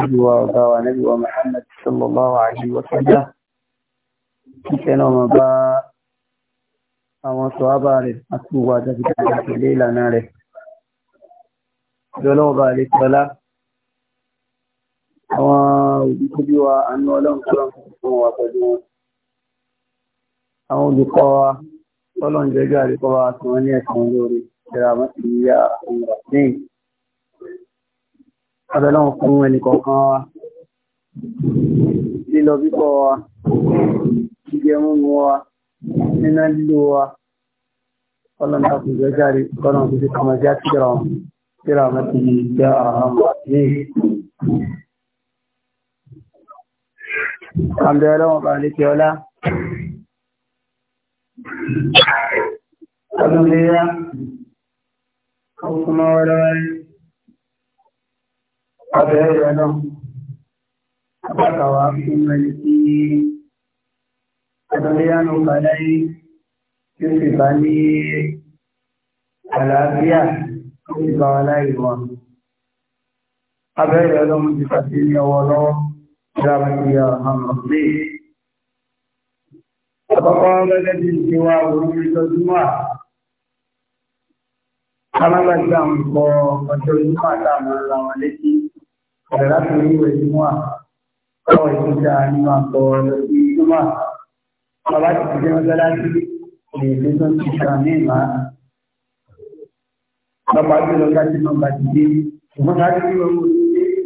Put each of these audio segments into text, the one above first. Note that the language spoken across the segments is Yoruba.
olùwà ọ̀gá wa Ànábì صلى الله عليه alaihi wa sallam kíkẹ́ náà máa bá àwọn sọ̀hábà rẹ̀ àti gbogbo àjàbí tẹ̀lé ìlànà rẹ̀ ìjọlọ́wọ́ bá lè tọ́lá àwọn òbí tó bí wa àánú ọlọ́run tó lọ́n fún wa pẹ̀lú wọn àwọn olùkọ́ wa tọ́lọ́n jẹ́jọ́ àríkọ́ wa tí wọ́n ní ẹ̀sán lórí ìjọba mọ́tì yíyá òun rà lẹ́yìn abẹ́lọ́wọ́ fún ẹnìkọ̀ọ̀kan wa lílọ bíbọ̀ wa jíjẹ múmu wa nínà lílo wa ọlọ́nà àkùnjọ járe kọ́nà òkúté kọmọ já tíra wọn tíra wọn ní àbẹ̀lọ́wọ́ bá lékè ọlá ọdún léyà abẹ́rẹ́ rẹ̀ náà apákàwà fún ẹni tí ẹ̀dọ́lẹ́yánu kàdáyé tí ó sì bá ní àlàáfíà tó sì bá wà láì wọn abẹ́rẹ́ rẹ̀ lọ́mú ti fàtí ní ọwọ́ lọ́wọ́ ìràmàtìyà àmọ̀ pé àkọ́kọ́ gẹ́gẹ́ bí ti wá òun ìtọ́júmọ́ Kálágbàgbà àwọn ìkọ̀ ọjọ́ ìlú àtàwọn ara wọn létí bẹ̀rẹ̀ láti orí ìwé ìmúà káwọ̀ ìgbésà nínú àpọ̀ lọ sí ìjọba bàbá ti ti jẹ́ mọ́sálásí lè lé tó ń ti sàn ní ìmá bàbá tó lọ láti náà bá ti dé ṣùgbọ́n ká ti wọ́n mú ní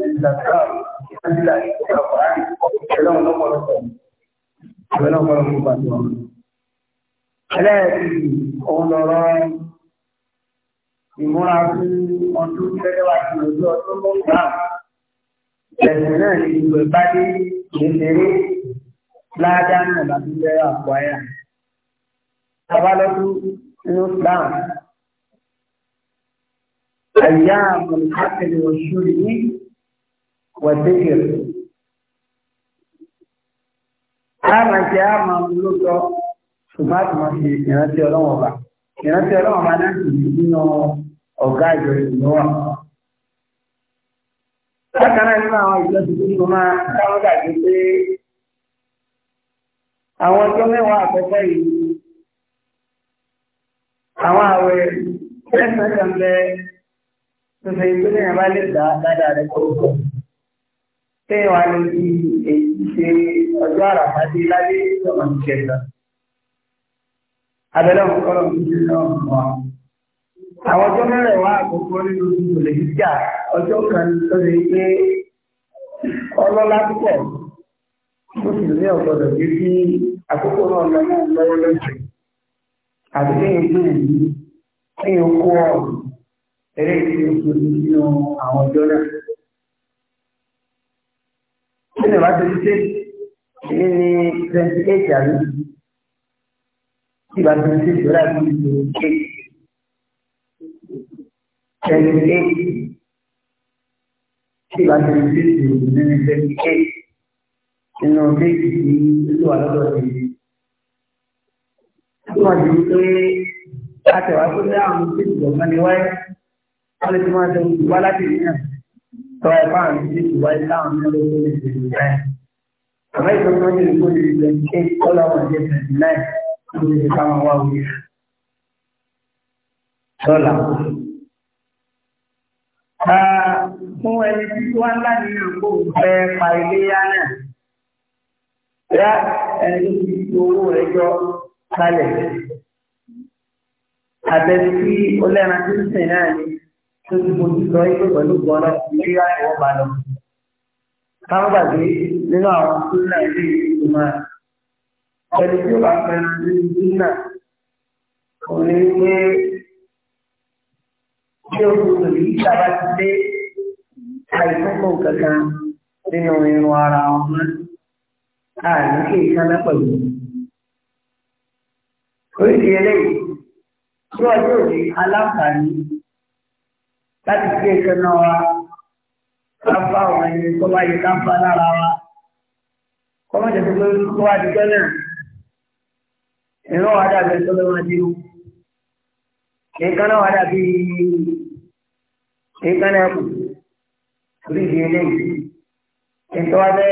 ẹ̀dá sáà láti láti ọ̀pọ̀ ẹ̀sìn náà ni gbogbo ìpàdé kékeré ládàá náà láti jẹ́ àpò àyà. Abalọ́dún inú Islam. Àyà Mùsùlùmí oṣù yìí wọ̀dẹ́gẹ̀. Àmà jẹ́ àmà lóòótọ́ ṣùgbọ́n àti máa fi ìrántí ọlọ́wọ̀n bá. Ìrántí ọlọ́wọ̀n bá náà sì nínú ọ̀gá ìjọ ìlú náà. Bákan náà nínú àwọn ìjọ tuntun ni mo máa dáwọ́ gàdé pé àwọn ọjọ́ mẹ́wàá àkọ́kọ́ yìí àwọn àwẹ̀ mẹ́sàn-án kan bẹ tuntun yìí tó ní ìyàbá lè dá dáadáa rẹ̀ kọ́kọ́. Ṣé wà ní bí èyí ṣe ọjọ́ àràfá dé lálé ìjọba ìjẹta? Abẹ́lẹ́ òǹkọ́rọ̀ mi ti lọ́wọ́ àwọn ọjọ́ mẹ́rẹ̀wá àkọ́kọ́ nínú oṣù lè jíjà ọjọ́ kan tó lè pé ọlọ́lá púpọ̀ ó sì ní ọ̀gbọ́dọ̀ gbé sí àkókò náà lọ́wọ́ lọ́wọ́ lọ́sẹ̀ àti kéèyàn tó lè yí kéèyàn kó ọ̀rọ̀ eré ìdíje oṣù nínú àwọn ọjọ́ náà. kí ni wàá tẹ́lẹ̀ tẹ́ èyí ni twenty eight àlùfáà tí wàá tẹ́lẹ̀ tẹ́ ìṣòro àti ìṣòro kéèkì seventy eight. Two hundred and fifty and seventy eight. Nínú déètì tí ìlú wa lọ́dọ̀ ti di. Wọ́n máa dìbò pé àtẹ̀wá tó ní àwọn tí ìjọba ni wáyé. Wọ́n lè ti máa ṣe oṣù wá láti ìlú náà. Sọ ẹ̀fọ́ àwọn tí ìjọba wáyé táwọn ní olóko lè ṣe ìlú náà. Àmọ́ ìjọba ní olóko lè ṣe ìlú náà. Kọ́lá wọn jẹ́ twenty nine. Wọ́n lè ṣe káwọn wá òye. Dọ́là fún ẹni tí wọ́n ńlá ní ìlú fẹ́ pa ilé yá náà. Yá ẹni tí owó rẹ̀ jọ kalẹ̀. Àbẹ̀ni tí olẹ́ran tí ń sìn náà ni tó ti bojú lọ ilé pẹ̀lú gbọ́nà ilé yá ni wọ́n bá lọ. Káwọn gbàgbé nínú àwọn tó ń náà ilé ìlú máa. Ẹni tí ó bá fẹ́ràn nínú ìlú náà, òun ni wípé tí ó kù lè yí sábà ti dé àìsókò kankan nínú irun ara ọmọ àní kí ìsáná pẹ̀lú. Oríṣi eléyìí tí wọ́n yóò di aláǹfààní láti gbé ìṣẹ́nà wa ká bá àwọn ẹni tó bá yẹ ká ń fa lára wa. Kọ́mọ̀jẹ̀ tó gbé kó wá di Gánà. Ìran wa dàbí ẹ̀sọ́ lọ́wọ́ di. Ìkan náà wa dàbí èékánná ẹ̀kú orí ìdí eléyìí ètò abẹ́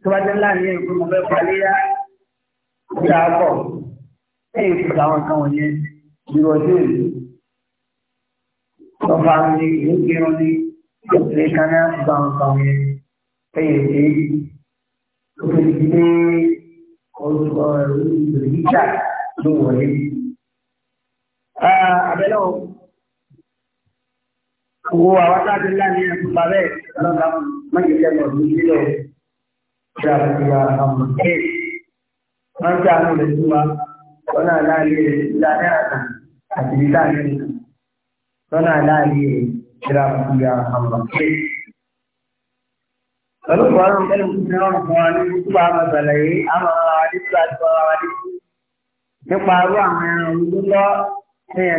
tó bá dé ńlá ní èkó mo fẹ́ paléyà ìyá akọ ẹ̀yìn ìfúta àwọn kan wọ̀nyẹn ìrọ̀ sí èlò lọ́fà ní ìlúkìrún ní èékánná gba nǹkan yẹn ẹ̀yìn èyí ó fi dé ọ̀rọ̀ ìgbèríjà ló wọlé. Abẹ́lẹ́ òkú. Owó àwọn tábí ńlá ní ẹ̀kú parẹ́ lọ́la mọ́jẹ̀kẹ́ lọ sí sílẹ̀ ṣe àfihàn àmọ̀ ẹ̀. Wọ́n ń sàánú rẹ̀ sí wa lọ́nà láàyè ìlànà àtà àti ìlànà lọ́nà láàyè ṣe àfihàn àmọ̀ ẹ̀. Ọlọ́pàá ọ̀rọ̀ mẹ́rin kúrò ní ọ̀rọ̀ fún wa ní kúkúbà àmọ̀ ìbàlẹ̀ àmọ̀ àdìsí àti ọ̀rọ̀ àdìsí. Nípa arú àwọn ẹran olùdó lọ, ṣé ẹ̀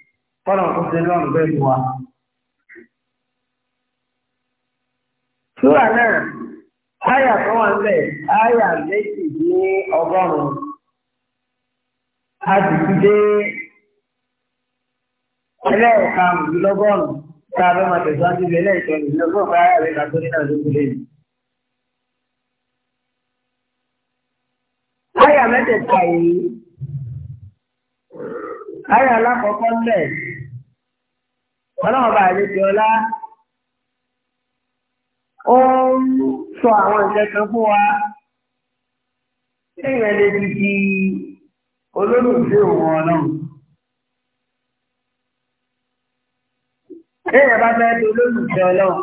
kọ́nà kó ṣe lọ́rùn bẹ́ẹ̀ fún wa. Súrà náà, áyà tó wà ńlẹ̀, áyà méjì ní ọgọ́rùn-ún. A sì ti dé ẹlẹ́ẹ̀karùn-ún tá a fẹ́ máa tẹ̀síwájú bí ẹlẹ́ẹ̀kẹrin lọ́gbọ̀n fún áyà rẹ̀ kàtó nínú àdókò lẹ́yìn. Áyà mẹ́tẹ̀ẹ̀ta yìí. Ayọ̀ alákọ̀ọ́kọ́ lẹ̀. Ọlọ́run bá àlejò ọlá. Ó ń sọ àwọn ìṣẹ́ kan fún wa. Èèyàn lè ti di olólùfẹ́ òun ọlọ́run. Èèyàn bá fẹ́ di olólùfẹ́ ọlọ́run.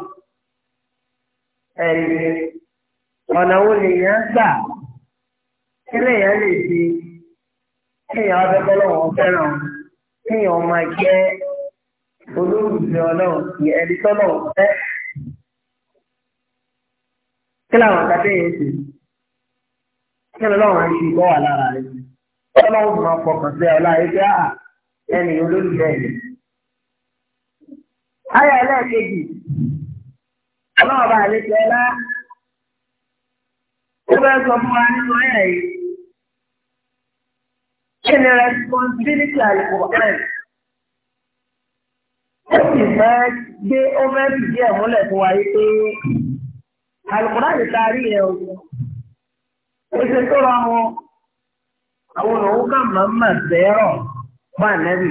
Ẹ̀yìn ọ̀nà wo lèèyàn gbà? Kí lèèyàn lè ṣe? kéèyàn afẹ́fẹ́ lọ́wọ́ fẹ́ràn kéèyàn máa jẹ́ olólùfẹ́ ọlọ́run sí ẹni tọ́lọ̀ fẹ́. kí làwọn àkàtẹ́ yẹn ṣe kí ni lọ́wọ́ ń ṣe ìbọ̀ wà lára rẹ̀ ọlọ́run máa fọkàn sí ọlá ẹgbẹ́ à ah, ẹni olólùfẹ́ yìí. ayọ̀ ẹlẹ́ẹ̀kejì ọlọ́run bá àlejò ọlá ó fẹ́ sọ fún wa nínú ayà yìí kí ni responsibility alukur'an ó sì fẹ́ gbé ó fẹ́ fìdí ẹ̀ múlẹ̀ fún wa yìí pé alukur'an ta rí ẹ̀ o èsì tó rọ wọn àwọn òun kà máa ń mà bá nẹ́bì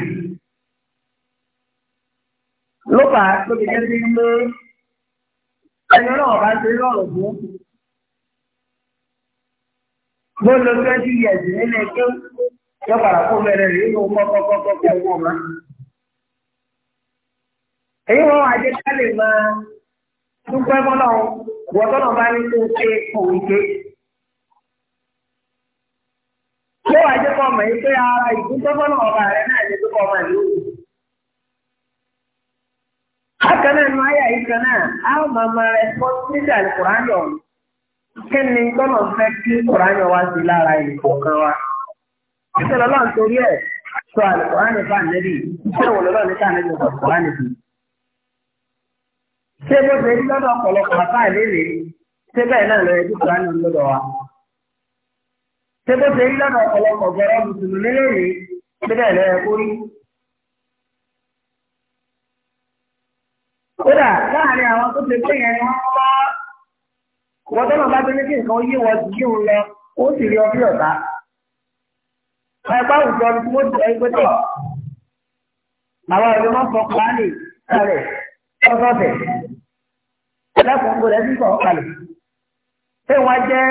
ló fà á tó fi ẹni náà bá ṣe lọ́rọ̀ fún ló lo twenty years nílé kéwòn. yóò padà kó mẹ́rẹ̀ rẹ̀ nínú kọ́kọ́kọ́kọ́ owó ma. èyí wọn wà jẹ́ ká lè máa dúpẹ́ fọ́nà wọ́tọ́nà bá ní kó ṣe òǹkẹ́. yóò wà jẹ́ kọ́ yìí pé ara ọba rẹ̀ náà ní dúpẹ́ ọmọ náà ayé àyíká náà a máa máa rẹ́spọ́nsíbítì àlùkò kí ni fẹ́ kí wá sí lára Ṣé lọ́lọ́ ń torí ẹ̀ sọ àlùkòránì bá nẹ́bí? Ṣé wò ní ká nẹ́bí àlùkòránì bí? Ṣé bó ṣe lọ́dọ̀ ọ̀pọ̀lọpọ̀ àbá ìlérè? Ṣé bẹ́ẹ̀ náà lọ ẹbí kòránì lọ́dọ̀ wa? Ṣé bó ṣe lọ́dọ̀ ọ̀pọ̀lọpọ̀ gọ̀rọ̀ mùsùlùmí lérè? Ṣé bẹ́ẹ̀ lọ ẹkú rí? Kódà láàárín àwọn tó ṣe pé yẹn ni wọ́n wá wọ́n tọ́nà lọ ó ẹgbẹ́ àwùjọ ni mo jẹ ẹgbẹ́ tọ̀ àwọn ọ̀dọ́ máa ń fọ kùránì kalẹ̀ ọ̀sọ̀ọ̀sẹ̀ ẹlẹ́kùn kò lẹ́sìn sọ̀ kalẹ̀ ṣé wọ́n jẹ́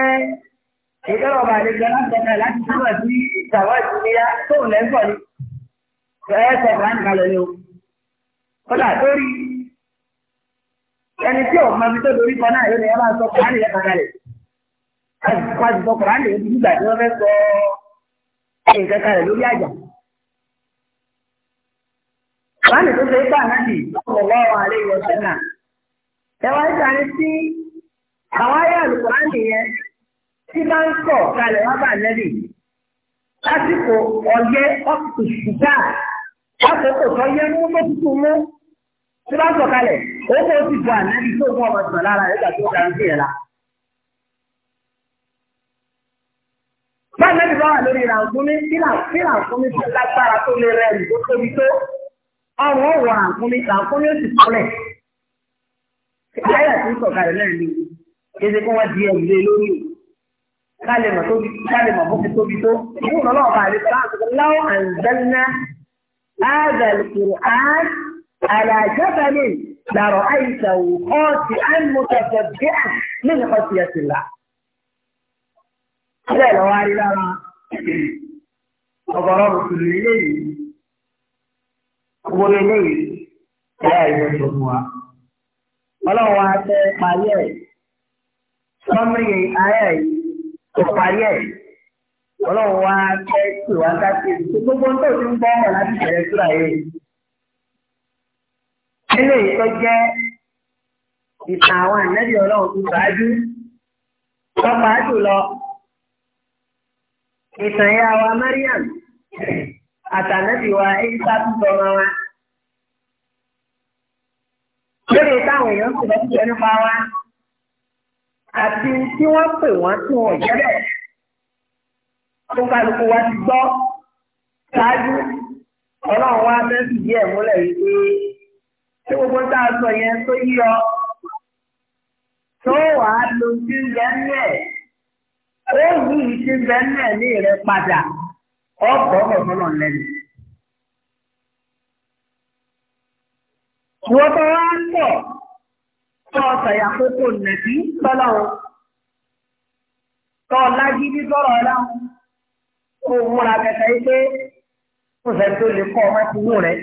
ìjọba ọba àlejò alágbèéká láti túbọ̀ sí ìtàwọ́ ìdílé tó ń lẹ́sọ̀ ni ẹ sọ kùránì kalẹ̀ ni o kọ́lá lórí ẹni tí ò máa fi tó dorí kan náà yóò ní ẹ máa sọ kùránì lẹ́kàn kalẹ̀ nǹkan kan rẹ̀ lórí àjà. Báyìí tó ṣe gbà náà bì lọ́wọ́ àlẹ́ ìwọ̀ Ẹwà ìsàní sí àwọn ayé àlùkùránì yẹn tí bá ń sọ̀ kalẹ̀ wá bà Lásìkò ọ̀yẹ́ ṣùgbà tó yẹ mú tó tutù mú. Tí bá ń sọ̀ kalẹ̀, ó kó ti bọ̀ ànẹ́bì tó mú ọmọ sàn lára nígbà tó ń bá wà lórí ràǹkúnmí kí ràǹkúnmí ti lágbára tó lè rẹ̀ tó tóbi tó ọrùn ọ̀wọ̀ ràǹkúnmí ràǹkúnmí ó sì kọ́lẹ̀. Ayọ̀ tí ń sọ̀ka rẹ̀ náà ni kéde kí wọ́n di ẹ̀rù lé lórí kálẹ̀ mọ̀ tóbi kálẹ̀ mọ̀ bó ti tóbi tó. Ìwé ìrọ̀lọ́ ọ̀bà rẹ̀ sọ láti sọ láwọn àǹzẹ́lná áàzàlì kùrù án àlàjábàlẹ̀ làrọ̀ àìsàwò ọ̀sì lára ọ̀gọ̀rọ̀ mùsùlùmí lẹ́yìn owó lẹ́yìn ẹ̀yà ìwé tó mú wa. ọlọ́run wa tẹ parí ẹ̀ sọ́mìrì ayẹ̀ tó parí ẹ̀ ọlọ́run wa tẹ ìwà káṣí gbogbo tó ti ń bọ́ ọ̀rọ̀ láti bẹ̀rẹ̀ síra yìí. ilé ìtọ́ jẹ́ ìtàn ìyá wa Mariam àtànẹ́bí wa Isa túbọ̀ ma wa. Lórí táwọn èèyàn ti lọ sí nípa wa àti tí wọ́n pè wọ́n tí wọ́n jẹ́ bẹ́ẹ̀. Tó kálukú wa ti gbọ́ ṣáájú ọlọ́run wa mẹ́sì díẹ̀ múlẹ̀ wípé tí gbogbo tá a sọ yẹn tó yí ọ tó wàá lo ojú yẹn ní ẹ̀ ń bẹ ní ẹ̀mí rẹ padà ọ̀bọ̀ ọ̀bọ̀lọ̀ lẹ́nu. Wọ́n bá wá ń bọ̀ tọ́ ṣàyàkókò nẹ̀bí tọ́lọ́run tọ́ lágídí tọ́rọ̀ ọláhun ó múra kẹta yí pé ó fẹ́ tó lè kọ́ ọmọ ti mú rẹ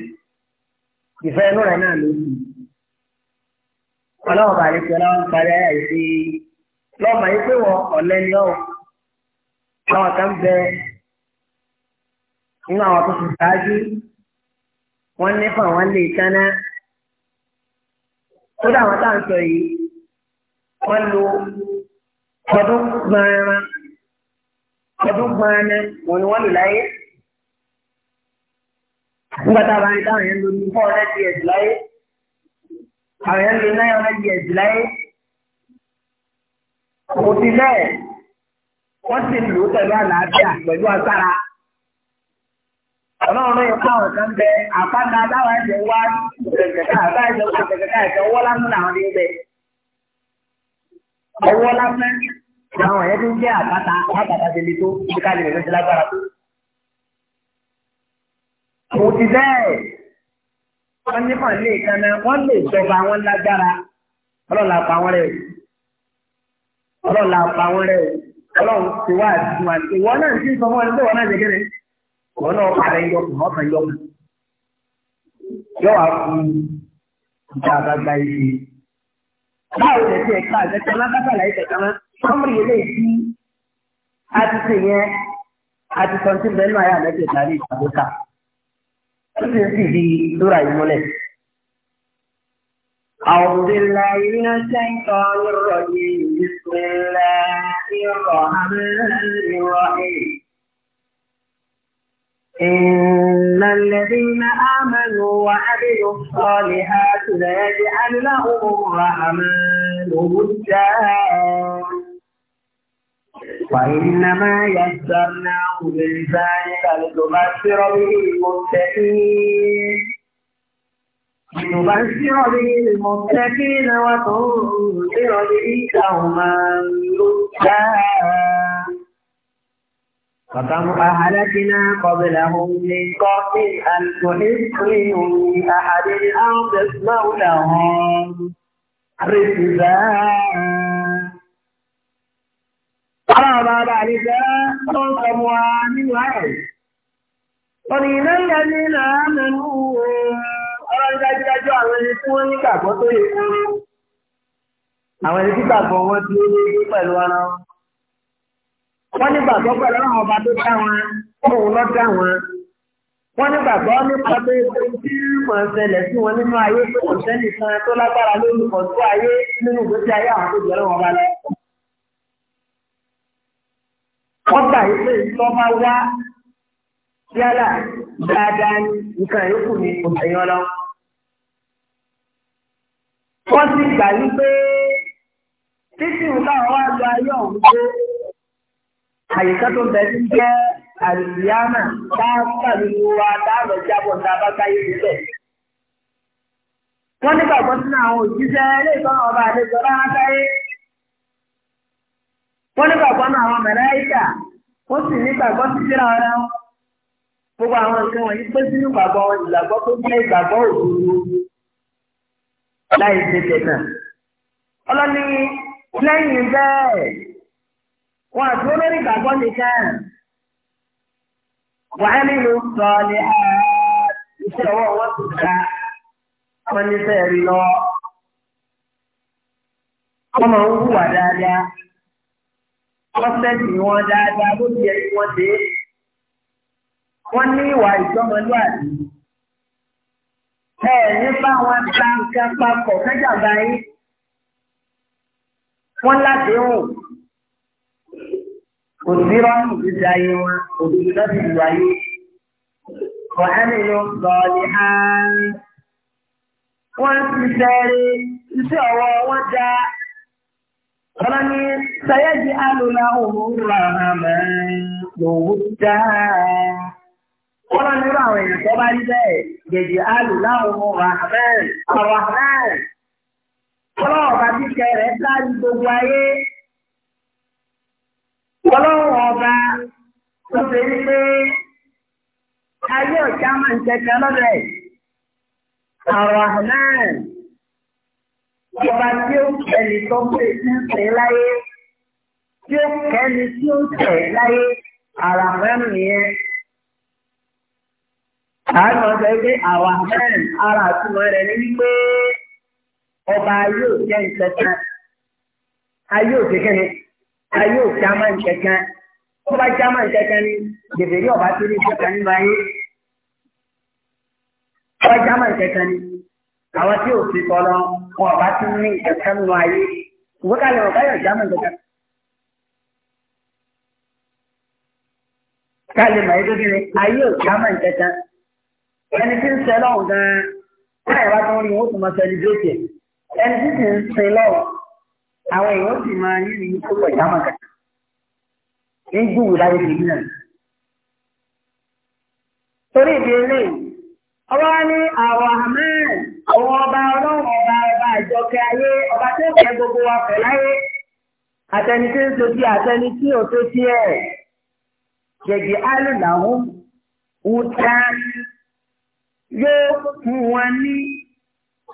ìfẹ́ inú rẹ náà ló sì. Ọlọ́run bàálẹ̀ tí ọlọ́run parí ayé àyè sí lọ́mọ yí pé wọ́n ọ̀lẹ́ni ọ̀hún àwọn kan bẹ nínú àwọn tó ti ṣáájú wọ́n nípa wọ́n lè tánná kódà àwọn tá à ń sọ yìí wọ́n lo ọdún gbọ́nra ọdún gbọ́nra wọn ni wọ́n lò láyé nígbà tá a bá ń táwọn yẹn lo ní four hundred years láyé àwọn yẹn lo nine hundred years láyé kò sí bẹ́ẹ̀ wọ́n sì lò ó pẹ̀lú àlàáfíà pẹ̀lú agbára. ọlọ́run yóò fáwọn kan bẹ àpáta táwọn ẹ̀jẹ̀ wá kẹ̀kẹ́kẹ́ àbá ẹ̀jẹ̀ wá kẹ̀kẹ́kẹ́ ẹ̀jẹ̀ ọwọ́ lásán làwọn ní bẹ. ọwọ́ lásán làwọn ẹ̀jẹ̀ ń jẹ́ àpáta àpáta ti le tó ibi ká lè lè lọ́sẹ̀ lágbára tó. kò ti bẹ́ẹ̀ wọ́n nípa ilé ìkànnà wọ́n lè jọba wọn lágbára ọlọ́run làpá wọn rẹ̀ ọlọ́run làpá wọn rẹ̀ ọlọ́run ti wá àdúgbò wa ìwọ náà ti sọ fún ẹni pé wọn náà jẹgẹrẹ ìwọ náà pàrẹ yọkùn ọkàn yọkùn yọwà fún ìjà àgbàgbà ìṣe báwo lè ti ẹ̀ka àtẹ̀tẹ̀ alákàtàlà ìtẹ̀ka náà sọmọrì eléyìí tí a ti ṣe yẹn a ti sọ náà yà mẹ́tẹ̀ẹ̀ta ní ìtàkùn ká ó sì ń sì di lóra ìmúlẹ̀. أعوذ بالله من الشيطان الرجيم بسم الله الرحمن الرحيم إن الذين آمنوا وعملوا الصالحات ليجعل لهم الرحمن ودا وإنما يسرناه بالفعل فلتبشر به المتقين لنبشر به المتقين وتنذر به قوما لدا فكم أهلكنا قبلهم من قرن أن تحس من أحد أو تسمع لهم ركزا قال بعد ذلك قوم وعن قليلا الذين آمنوا ọlọ́run dájúdájú àwọn ẹni tí wọ́n nígbàgbọ́ tó yẹ kúrú àwọn ẹni tí gbàgbọ́ wọn ti ó léyé pẹ̀lú ara wọn nígbàgbọ́ pẹ̀lú àwọn ọba tó dá wọn òun lọ dá wọn wọn nígbàgbọ́ nípa pé ohun tí mọ̀ ń ṣẹlẹ̀ sí wọn nínú ayé tó kò sẹ́nì kan tó lágbára lórí kò tó ayé nínú ìgbésí ayé àwọn tó jẹ́ lọ́wọ́ balẹ̀. wọ́n gbà yí pé ìtọ́ bá wá yálà dáadáa ní nǹkan yòókù ní òṣèyàn lọ́wọ́ wọ́n ti gbà yí pé títí nǹkan àwọn àjọ ayé ọ̀hún pé àyíká tó bẹ ti jẹ́ àrìsíámà dáadáa nínú wa dáàbò jábọ̀ dábà káyé síbẹ̀. wọ́n nígbà gbọ́ sínú àwọn òjíṣẹ́ ilé ìtọ́nà ọba àlejò rárá káyé. wọ́n nígbà gbọ́ sínú àwọn mẹ̀láìkà ó sì nígbà gbọ́ sí síra ọ̀rẹ́ wọn. gbogbo àwọn nǹkan wọ̀nyí pé sínú ìgbàgbọ́ ìgbàgbọ́ tó jẹ́ ìgbàgbọ́ òdodo láì ṣe tẹ̀sán. ọlọ́ni lẹ́yìn bẹ́ẹ̀ wọn àti olórí ìgbàgbọ́ nìkan wàá nínú sọ ní iṣẹ́ ọwọ́ wọn tó ga wọn ní sẹ́ẹ̀ rí lọ. wọ́n máa ń hùwà dáadáa wọ́n sẹ́ẹ̀tì wọn dáadáa bó ti yẹ kí wọ́n ṣe wọ́n ní ìwà ìjọmọlúwàbí. ẹ nípa àwọn gbàǹkan papọ̀ kájàmbá yìí wọ́n ládéhùn kò sí rọ́ọ̀mù dídá ayé wọn òdodo lọ́sì ìlú ayé wàhálà ló ń sọ ní wọn ti wọn dá wọn ní wọ́n máa nírú àwọn èèyàn tó bá rí bẹ́ẹ̀ gèdè alù láwọn ọmọ rahman rahman ọlọ́wọ́ bá kíkẹ́ rẹ̀ sáré gbogbo ayé ọlọ́wọ́ ọba tó ṣe ní pé ayé ọ̀já máa ń tẹ̀kẹ́ lọ́bẹ̀ rahman ọba tí ó kẹ́ni tó pè sí pè láyé tí ó kẹ́ni tí ó tẹ̀ láyé rahman nìyẹn. Àwọn ọ̀sẹ̀ pé àwa mẹ́rin ara àtúmọ̀ rẹ̀ ní wípé ọba yóò jẹ́ ìtẹ̀kan. Ayé òkè kẹ́ni, ayé òkè àmọ́ ìtẹ̀kan. Ó bá jẹ́ àmọ́ ìtẹ̀kan ni, bèbè rí ọ̀bá tó ní ìtẹ̀kan nínú ayé. Ó bá jẹ́ àmọ́ ìtẹ̀kan ni, àwọn tí ò fi wọn ọ̀bá tó ní ìtẹ̀kan nínú ayé. Ìwé kalẹ̀ ọ̀bá yóò jẹ́ àmọ́ ìtẹ̀kan. Kalẹ̀ mọ̀ ẹ́ tó kí ni, ayé òkè àmọ́ ìtẹ̀kan ẹni tí ń sẹ lọ́hùn gan-an láì wá tó ń rí wọn ó tún máa sẹlẹ̀bírẹ̀tì ẹ̀ ẹni tí sì ń sẹ lọ́hùn àwọn èèyàn sì máa yí ni tó pọ̀ ìdámọ̀ kan ń gbùwò láyé tèmi náà. torí ìdí eléyìí ọba ní àwọn ahmed àwọn ọba ọlọ́run ọba ọba àjọkẹ́ ayé ọba tó kẹ́ gbogbo wa pẹ̀ láyé àtẹni tí ń so àtẹni tí ò tó sí ẹ̀ jẹ̀jẹ̀ alùláhùn wúta yóò fún wọn ní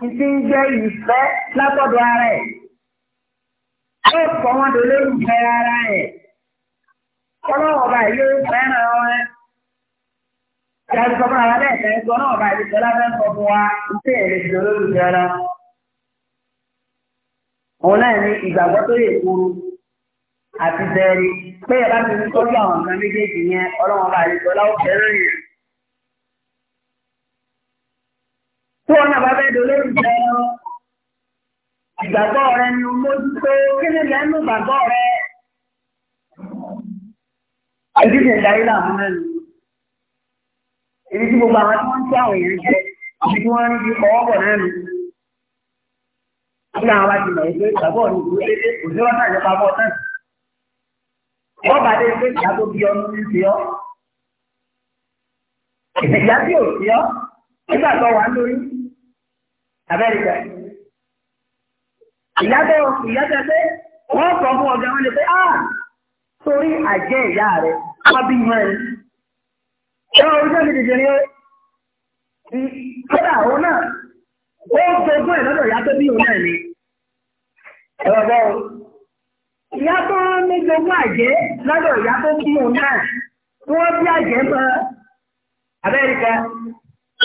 ìdí ń jẹ́ ìfẹ́ látọ̀dọ̀ ara ẹ̀. Yóò fọ wọn tó lórí ìfẹ́ ara ẹ̀. Ọlọ́wọ́ ọba yìí yóò fẹ́ràn wọn. Ìyáàbí sọ fún àwọn abẹ́ẹ̀kẹ́ ẹ̀kọ́ náà ọba yìí tẹ́lá fẹ́ sọ fún wa ìfẹ́ ẹ̀rẹ́ ti lórí ìfẹ́ ara. Òun náà ní ìgbàgbọ́ tó yẹ kúrú àti bẹ́ẹ̀rí pé ìyá bá ti ń tọ́jú àwọn nǹkan méjèèjì yẹn ọlọ́wọ́ ọba yìí tọ́lá ó fẹ́ràn yẹn. Tí wọ́n náà bá fẹ́ do lórí ìjẹ ẹran, ìgbàgbọ́ rẹ ni o mójútó kí ni lẹ́nu ìgbàgbọ́ rẹ. Àdídì ìdarí làwọn mẹ́rin. Ibi tí gbogbo àwọn tí wọ́n ń tí àwọn èèyàn jẹ, ibi tí wọ́n ń fi ọwọ́ bọ̀ náà nù. Nígbà àwọn àti mọ̀ ìgbé ìgbàgbọ́ ni ìlú dédé kò sí ọ̀sán ìjọba bọ̀ Wọ́n bá dé pé ìyá tó bí ọ ní ti ọ́. Ìyá tí ò sí ọ́ nígbà tó wà lórí. Amẹ́ríkà. Ìyábẹ̀ ìyábẹ̀ pé wọ́n sọ fún ọjà wọn lè pé áà ah, sórí àjẹ́ ìyá rẹ̀ wọ́n bí mọ́ ẹ̀. Ṣé oríṣẹ́ mi dìde ni ó ti kódà òun náà ó ń gbogbo ẹ̀ lọ́dọ̀ ìyá tó bí òun náà ni. Ẹ̀rọ bọ́ o. Ìyá tó ní gbogbo àjẹ́ lọ́dọ̀ ìyá tó bí òun náà tí wọ́n bí àjẹ́ mọ́ Amẹ́ríkà.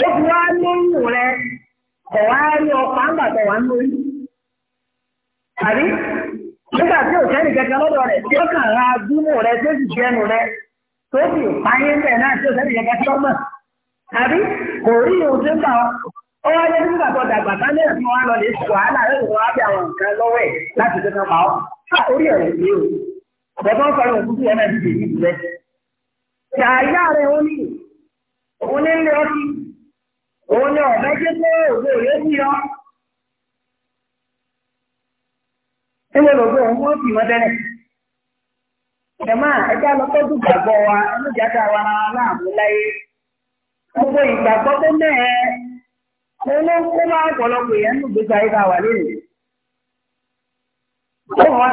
Ó fi wá lóyún rẹ̀. ọ̀wá rí ọkọ̀ àǹgbà tó wà ń lórí. Àbí nígbà tí ò sẹ́ni kẹ̀kẹ́ lọ́dọ̀ rẹ̀ tí ó kàn ra rẹ̀ tó sì jẹnu rẹ̀ tó sì páyé ń bẹ̀ náà tí ò sẹ́ni kẹ̀kẹ́ mọ̀. Àbí kò rí Ó wá nígbà tó dàgbà lọ lè sọ rẹ̀ wá bí àwọn nǹkan lọ́wọ́ ẹ̀ Orí ẹ̀rọ o. Òun ni ọ̀dọ́ tí pé ògbò rẹ̀ sí ọ. Ilé lògbò òun mọ́ sí mọ́tẹ́lẹ̀. Ìjọba ẹja lọ tọ́jú gbàgbọ́ wa ẹnìjàdá wa láàmú láyé. Gbogbo ìgbàgbọ́ tó mẹ́ẹ̀ òun ló ń kó máa ọ̀pọ̀lọpọ̀ èèyàn nù gbégbá ibà wà lónìí. Ó wọ́n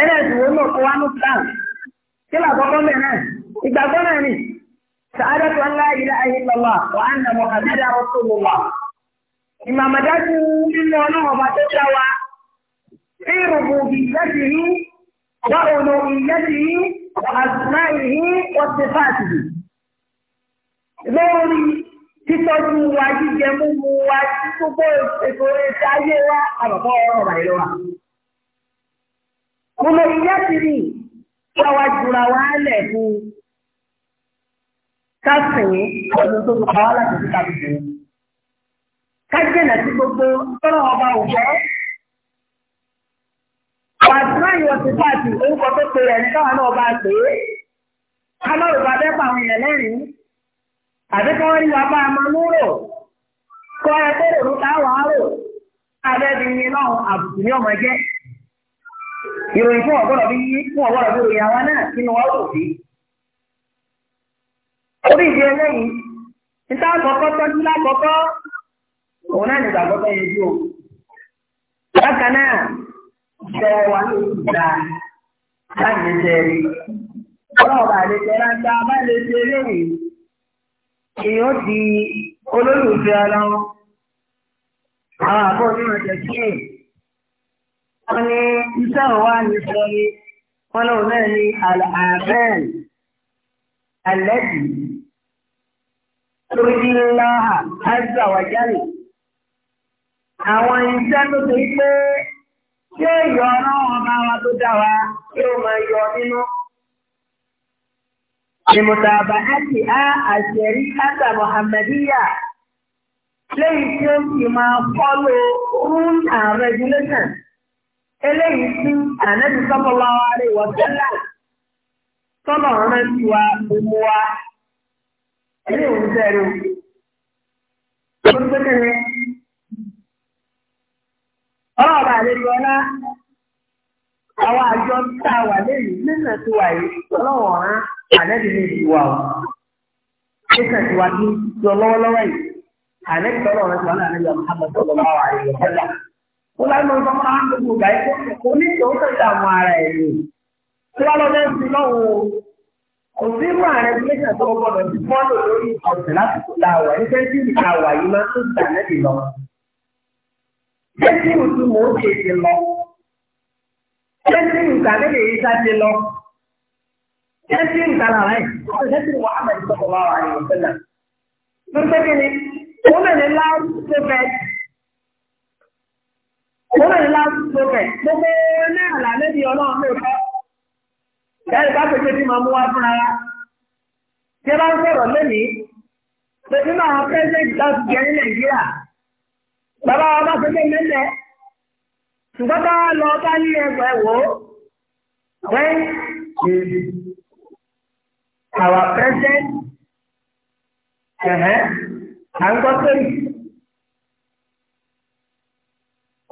ẹ̀rẹ́ ìdìbò náà kọ́ wá ní plan kí ló àkọ́kọ́ mẹ́ náà ìgbàgbọ́ náà ni sàádà tó ń lá ilé ayé lọ́wọ́ wà á nà mọ́ àbẹ́dẹ́ àwọn tó nínú ọlọ́run ọba tó dá wa ìrùbù ìyẹ́sì yìí wà ònà ìyẹ́sì yìí wà àtúná yìí wà sífàtì lórí títọ́jú wa jíjẹ wa gbogbo ètò ayé wa àbàbọ̀ ọ̀rọ̀ wa. Ọmọ ìyá ti rí káwa jura wá lẹ̀ fún kásìn ọdún tó kọ́ wá láti fi tàbí jù. Kájẹ́nà sí gbogbo tọ́rọ ọba òfẹ́. Wàtúrà yóò ti pàtì orúkọ tó pe ẹni káwa náà bá pè é. Ká má rò bá bẹ́ẹ̀ pa àwọn èèyàn lẹ́rìn-ín. Àbí kí wọ́n rí wa bá a máa mú rò. Kọ́ ẹ kó rò ní káwa rò. yín náà àbùkù ní ọmọ jẹ́ ìròyìn fún ọ̀gbọ́dọ̀ bí yí fún ọ̀gbọ́dọ̀ bí ròyìn àwa náà sínú wa ò sí. orí ìdí eléyìí níta àkọ́kọ́ tọ́jú lákọ́kọ́ òun náà nígbà àkọ́kọ́ yẹjú o. bákan náà ìṣòro wa ló ti gbà láti lè jẹ rí. ọlọ́run bá lè jẹrán tá a lè ṣe eléyìí èèyàn di olólùfẹ́ ọlọ́run. àwọn àbọ̀ onímọ̀ tẹ̀síyè wọ́n ní iṣẹ́ wa ní sọ ni wọ́n náà ní àbẹ́ẹ̀l àlẹ́jì lórí ńlá àìsà wàjálì. Àwọn iṣẹ́ tó ti pé ṣé ìyọ ọlọ́run bá wa tó dá wa yóò máa yọ nínú. Ìmùtà àbáhàtì á àṣẹrí Ásà Mọ̀hàmẹ́díyà lẹ́yìn tí ó sì máa follow rules and regulations eléyìí sí ànẹ́bí sọ́kọ́lá wa rè wọ́n tẹ́lá sọ́nà ọ̀rẹ́ ti wa gbogbo wa eléyìí òun tẹ́lẹ̀ o. Olùgbẹ́kẹ̀rẹ́ ọlọ́ọ̀bà àlejò ọlá àwọn àjọ tá a wà lẹ́yìn nínú ti wà yìí ọlọ́wọ̀n ọ̀rán ànẹ́bí ní ìlú wa o. Kíkà ti bí lọ lọ́wọ́lọ́wọ́ yìí ànẹ́bí sọ́nà ọ̀rẹ́ ti wà ní ànẹ́bí ọ̀hánmọ́sọ̀lọ́wọ́ àyè ọ̀hánmọ́ ọlọ́run tó máa ń gbogbo ìgbà yìí kò ní tó tó ìdààmú ara ẹ̀ ni tí wọ́n lọ́jọ́ sí lọ́wọ́ kò sí irú ààrẹ iléeṣẹ́ tó gbọdọ̀ ti fọ́lò lórí ọ̀sẹ̀ láti kó la wà níṣẹ́ tí ìta wà yìí máa tó gbà lẹ́bi lọ. ṣé tí ìtú mò ń ṣe ti lọ? ṣé tí ìta lẹ́bi yìí ṣá ti lọ? ṣé tí ìta làwọn ẹ̀ ṣé tí wàhálà ìṣọ̀kọ̀ wà wà ní ọ̀sẹ̀ náà? lóṣèkìní, ó mẹ́rin láti Òwúrọ̀ yìí láti tó bẹ̀, gbogbo náà là níbi ọlọ́run ló tọ́. Ìyáyí bá pèsè tí máa mú wá fúnra wa. Tí ẹ bá ń sọ̀rọ̀ lónìí, pé nínú àwọn pẹ́sẹ̀ntì láti jẹ ní Nàìjíríà, bàbá wa bá pèsè mẹ́lẹ̀. Ṣùgbọ́n bá lọ bá ní ẹgbẹ́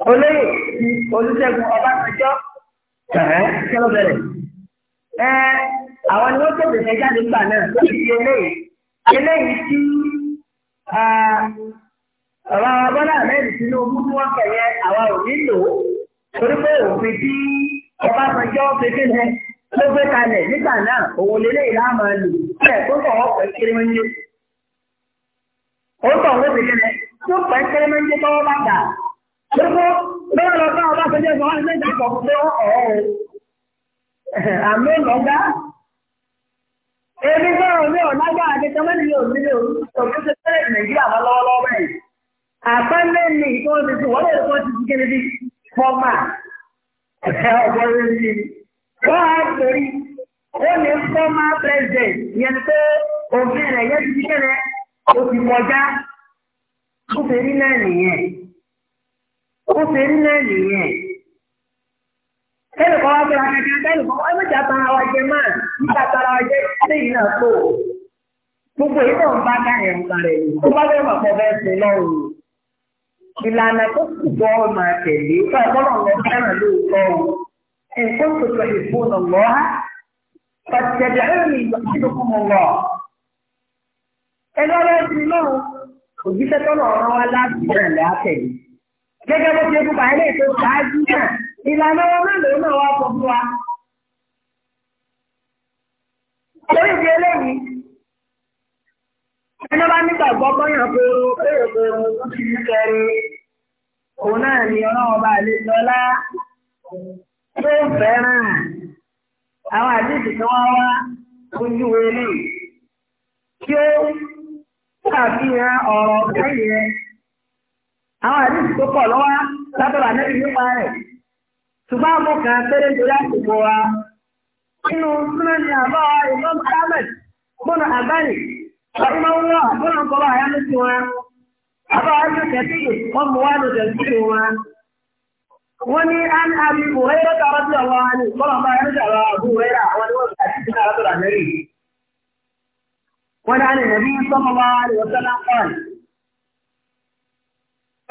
olóyè ti olùṣègùn ẹ àwọn ni wọ́n tètè fẹ́ jáde gbà náà lórí ti eléyìí eléyìí tí ọ̀rọ̀ bọ́lá àmẹ́rì Tinubu tí wọ́n kẹ̀yẹ àwa ò nílò torí pé òfin tí ọbásanjọ́ ló gbé nígbà náà òun lò Bẹ́ẹ̀ lọ́gbà ọba tó jẹ́ ìgbà wọn ní ìdàpọ̀ pé ó ọ̀ọ́ àmì lọ́gbà. Ebi sọ̀rọ̀ mi ò lágbà àdékan mẹ́rin yóò nílé òkú ṣe fẹ́rẹ̀ Nàìjíríà wá lọ́wọ́lọ́wọ́ ẹ̀. Àpẹ́lẹ́ ni ìtọ́ ti ti wọ́n lè kọ́ ti ti kéré bí fọ́mà. Ẹ̀fẹ́ ọ̀gbọ́n rí ni. Wọ́n á torí ó ní fọ́mà president yẹn pé òfin rẹ̀ yẹn ti ti kéré ó ti Ó fi rí nìyẹn. ó ṣe rí náà nìyẹn kẹ́lùkọ́ wá fẹ́ akẹ́kẹ́ kẹ́lùkọ́ wá mẹ́ta tara wa jẹ máa nígbà tara wa jẹ lẹ́yìn náà tó gbogbo èyí ọ ń bá dá ẹ̀ ń parẹ́ yìí tó bá fẹ́ mọ̀ pọ̀ bẹ́ẹ̀ sí lọ́rùn ìlànà tó kù bọ́ máa tẹ̀lé gẹ́gẹ́ bó ṣe gbogbo àìlè tó ṣáájú náà ìlànà wọn náà wá fọ fún wa. Lórí ìdí eléyìí, ẹni bá nígbàgbọ́ kọ́yàn kóró kóró kóró ti ní kẹrin. Òun náà ni ọlọ́run bá lè lọ́lá tó fẹ́ràn. Àwọn àdéhùn tí wọ́n wá ojú eléyìí. Kí ó ṣàfihàn ọ̀rọ̀ kẹ́yìn rẹ̀. àwọn àdìsí tó pọ̀ lọ́wọ́ látọ̀rọ̀ ànẹ́bí nípa rẹ̀ ṣùgbọ́n àmọ́ kan péré nítorí àsìkò wa nínú súnmọ́ ni àbá ìmọ̀mù ahmed gbọ́nà àbáyé ọ̀rọ̀mọ́ wúwọ́ gbọ́nà kọ́lọ́ àyámú sí wọn àbá ọjọ́ kẹtì wọn mú wá lọ́dọ̀ sí wọn. wọ́n ní tọrọ sí ọ̀wọ́ wa wọn ni wọ́n ti àti sílẹ̀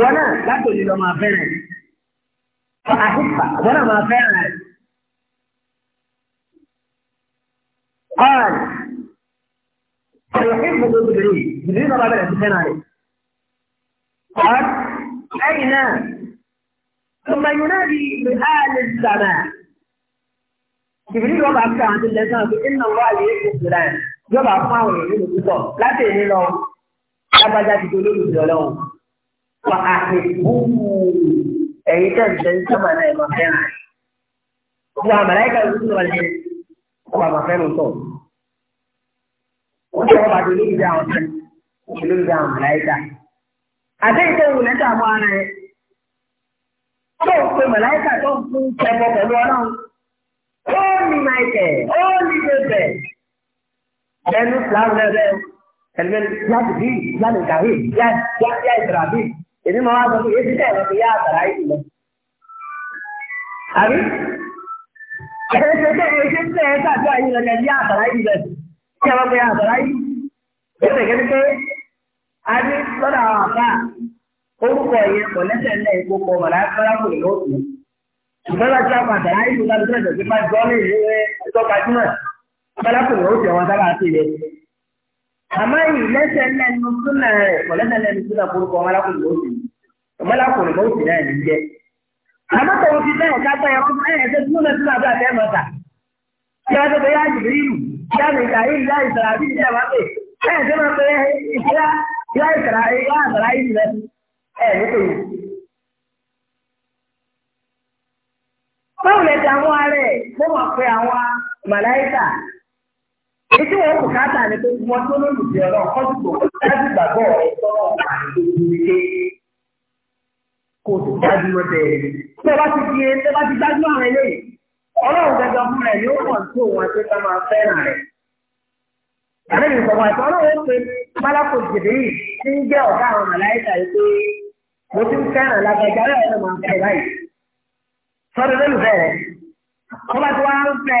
wọn náà látòlí lọ máa fẹ́ràn rẹ̀ àhìpà wọn náà máa fẹ́ràn rẹ̀. ọ̀rọ̀ فيحب جبريل جبريل طبعا بدأ تتكلم عليه قال أين ثم ينادي بآل السماء جبريل وضع بتاع عند الإنسان إن الله يحب فلان يضع معه يحب الكتاب لا تهني له أبدا تقولوا له wà á ti búrú ẹ̀yin tẹ̀ ń tẹ̀ ń sábà náà ẹ̀ máa fẹ́ràn. Gbogbo àmàlẹ́kà ló ń lọ ṣe kó àmà fẹ́ràn tọ̀. Wọ́n ti wọ́n bá ti lórí àwọn tẹ̀ ṣe lórí àwọn àmàlẹ́kà. Àti ìtẹ̀ ìwò lẹ́tà mọ́ ara ẹ̀. Tó o pe màláìkà tó ń tẹ̀bọ̀ pẹ̀lú ọlọ́run. Ó ní Máìkẹ̀, ó ní Bébẹ̀. Ẹnu Fúláwù lẹ́bẹ̀ẹ́. Ẹ̀lẹ́mẹ́ni, Yáàdì bíi, Yáàdì Gàrí, Yáàdì Ìdìrà bíi èmi máa wá sọ pé èsì tẹ̀ lọ sí yá àtàrà ìlú lọ. àbí ẹsẹ̀ tẹ̀ èsì tẹ̀ ẹ sàdó àyè lọ sí yá àtàrà ìlú lọ sí ẹ bá pé àtàrà ìlú. ẹsẹ̀ kẹ́tẹ́ pé a ní lọ́dọ̀ àwọn àbá orúkọ yẹn kò lẹ́sẹ̀ ńlẹ̀ epo pọ̀ wà láyé fẹ́rẹ́ kò lóòtù. ṣùgbọ́n láti àwọn àtàrà ìlú lọ sí ẹ̀jọ̀ sí máa àmọ́ ìlẹ́sẹ̀ lẹ́nu súnà rẹ̀ pọ̀lẹ́sẹ̀ lẹ́nu súnà forúkọ ọmọlákùnrin lóòsì ọmọlákùnrin lóòsì náà ní jẹ́. àmọ́ ya ti bẹ́ẹ̀ ya ẹ̀rọ ẹ̀yẹ tó súnà súnà bí ya mọ̀ta. ya wọ́n ya ya yá jìbìrì ya yá ya kà yí ya ìsàrà ya ìjà ya ya ya tó ya pè ya yá ya yá ya ya èyí tí wọ́n kò káàtà ni pé wọ́n tó lólùdí ọlọ́run kọ́sìkò dájú gbàgbọ́ rẹ̀ tọ́lọ́ kò sì dájú lọ bẹ̀rẹ̀. tí wọ́n bá ti di tí wọ́n bá ti dájú àwọn eléyìí ọlọ́run gangan fún rẹ̀ yóò hàn tó wọn pé ká máa fẹ́ràn rẹ̀. àlejò ìsọ̀kan àti ọlọ́run pé pálákò jìbìrì ti ń jẹ́ ọ̀gá àwọn màláìkà yìí pé mo ti ń fẹ́ràn lágbàjá rẹ̀ ọ̀nà máa ń fẹ́ báyìí. sọ́dọ̀ lólùfẹ́ rẹ̀ wọ́n bá ti wá ń fẹ́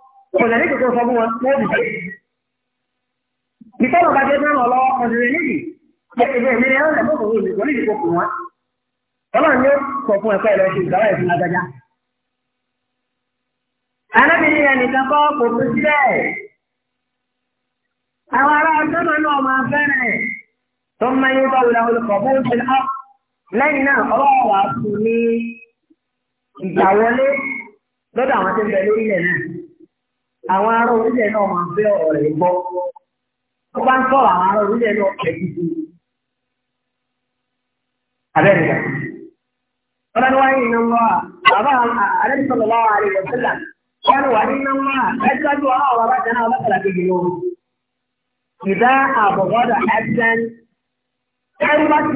ọ̀nà ní kòkòrò fọ́gbọ́n wọn wọ́n dìde. Ìfẹ́ ọ̀gá jẹ́ náà lọ ọ̀dẹ̀rẹ̀ níbi ẹgbẹ́ mi ni ẹ̀rọ ẹ̀mọ́ kòkòrò ìdìbò ní fún wọn. Ọlọ́run fún ẹ̀kọ́ ẹ̀rọ ṣe ìfún adájá. kọ́ kò tó Àwọn ará náà máa fẹ́rẹ̀ tó ń mẹ́yìn bá wùlà Lẹ́yìn náà àwọn ará orílẹ̀ náà máa fẹ́ ọ̀rọ̀ rẹ̀ gbọ́. Ó bá ń sọ̀rọ̀ àwọn ará orílẹ̀ náà kẹ̀kí sí i. Abẹ́rẹ́dà. Wọ́n ní wáyé iná mọ́ à, bàbá àdéhùn sọ̀rọ̀ lọ́wọ́ àrẹ̀ wọ̀ Wọ́n ní wà iná mọ́ à, ẹ tọ́jú ọ̀rọ̀ bá jẹ́ náà lọ́kàlà kejì lóru. Ìdá àbọ̀bọ́dà ẹ̀sán. Ẹ̀rú bá ti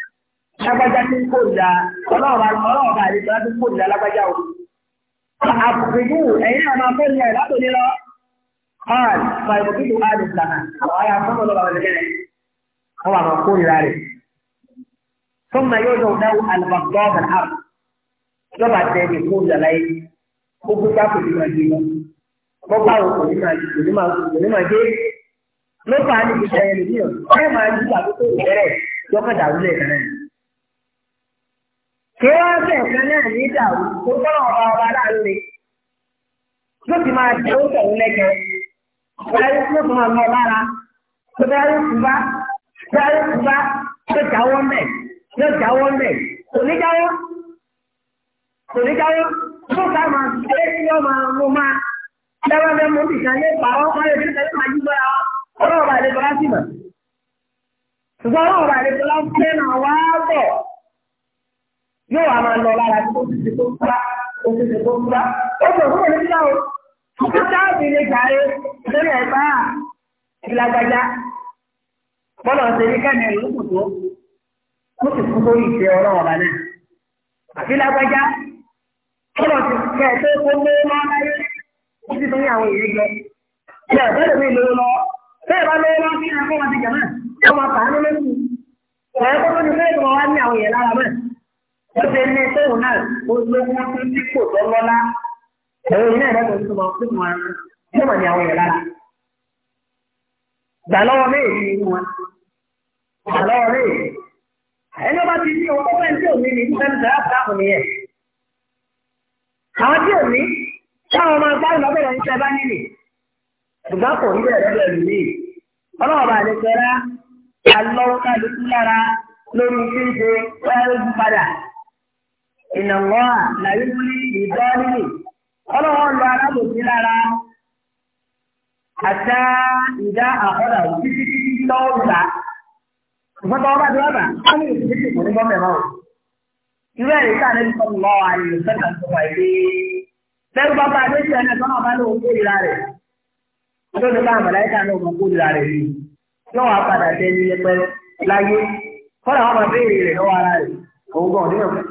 lágbájá tí ń kó ìdá ọlọ́ọ̀bá ọlọ́ọ̀bá àdìsọ́lá tí ń kó ìdá lágbájá o. àpèjú ẹ̀yin náà máa fẹ́ ní ẹ̀ látòní lọ. hàn fàìmù kíkù àdì ìlànà àwọn ará fọ́nmọ́ lọ́wọ́ àwọn ẹ̀jẹ̀ rẹ̀ wọ́n wà máa kó ìdá rẹ̀. sọ́mà yóò dọ̀ náwó alùpàgọ́ọ̀gàn àp lọ́ba tẹ ní kó ìdá láyé kó gbígbá kò ní máa gbé lọ. bọ́gbà ò kò ní máa gbé kò ní máa gbé ló fà á níbi ìṣẹ̀yẹ kéwàásẹ̀ kan náà ní ìdàrú tó tọ́lọ̀ ọba ọba láàrin ló ti máa jẹ́ ó tẹ̀wé lẹ́kẹ̀ẹ́ bẹ́ẹ̀ ló tún máa lọ lára tó bẹ́ẹ̀ ló tún bá bẹ́ẹ̀ ló tún bá yóò jáwọ́ mẹ́ yóò jáwọ́ mẹ́ kò ní jáwọ́ kò ní jáwọ́ tó ká máa ṣe kí wọ́n máa mú máa lẹ́wọ́n bẹ́ẹ̀ mú ìtàn ní pàrọ̀ ọ̀rẹ́ tó tẹ̀lé máa yíwọ́ ra ọlọ́ọ̀bà àlejò láti mọ̀ ṣùgbọ́n ọlọ́ọ̀bà àlejò láti yóò wá máa lọ lára tó ti ṣe tó kúrá tó ti ṣe tó kúrá ó sọ fún òní sílá o tó táàbì lè jàre lórí ẹ̀gbá ìlàgbàjá bọ́lá ọ̀sẹ̀ ní kẹ́mi ìlú tó ó sì kú sórí ìṣe ọlọ́run ọ̀bà náà àfi lágbàjá bọ́lá ọ̀sẹ̀ kẹ́ ẹ̀ tó kó lé lọ́wọ́ láyé ó sì tún àwọn èyí jẹ ilé ọ̀sẹ̀ lè mi lówó bẹ́ẹ̀ bá lówó lọ́wọ́ sí ẹ̀kọ́ wọn ti jẹ̀ náà ó máa kà á ní lẹ́sìn ẹ̀kọ́ tó ní fẹ́ẹ̀ ó ṣe ní tóun náà ó lówó tó ní kò tó lọ́lá ẹ̀rọ iná ẹ̀rọ tó ń tó máa ń fún wọn yóò mọ̀ ní àwọn ẹ̀rọ lára. gbà lọ́wọ́ méjì ni wọn gbà lọ́wọ́ méjì. ẹni ọba ti ní owó pẹ́ tí òní ní fẹ́ẹ́ bẹ̀rẹ̀ àbúrò nìyẹn. àwọn tí òní táwọn ọmọ ẹgbẹ́ ìlọ́bẹ̀rẹ̀ ń ṣe bá nílì ṣùgbọ́n kò ní bẹ̀rẹ̀ bẹ̀rẹ̀ lù mí. ọlọ́wọ́ bá lè fẹ́ra alọ́wọ́ kálukú lára lórí ṣíṣe wáyé lójú padà ìnáwó àlàyé múlí ìdọ́rìlì ọlọ́wọ́ lọ alábòsí lára àtà ìdá àkọ́dà títí títí tọ́ọ̀gbà ìfọ́tọ́ ọba tí wọ́n bà á ní ìdíje kò ní gọ́ọ̀mẹ̀ náà irú ẹ̀rí sáà ní sọ́kù lọ́wọ́ àyè ìfẹ́ta tó wà ilé bẹ́ẹ̀ bá bá adéṣe ẹni tó náà bá lóun kórìíra rẹ̀ lóde bá àmàlẹ́ta náà mọ̀ kórìíra rẹ̀ yìí yóò wá padà dé ní ẹgbẹ́ láyé kọ́lá wọn bá béèrè rẹ̀ lọ́wọ́ ara rẹ̀ òun gan-an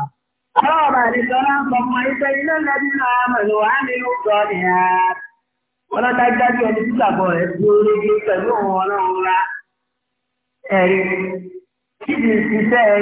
Ọlọ́ọ̀bà nìkanlá ń kọmọ iṣẹ́ ilé lẹ́bí máa mẹ̀lú wá nínú sọ ní ha. Wọ́n lọ́ta jáde ọdún títàbọ̀ rẹ̀ tí ó rí pẹ̀lú òun ọlọ́run rá. Ẹ̀rí kíbi ẹ̀rí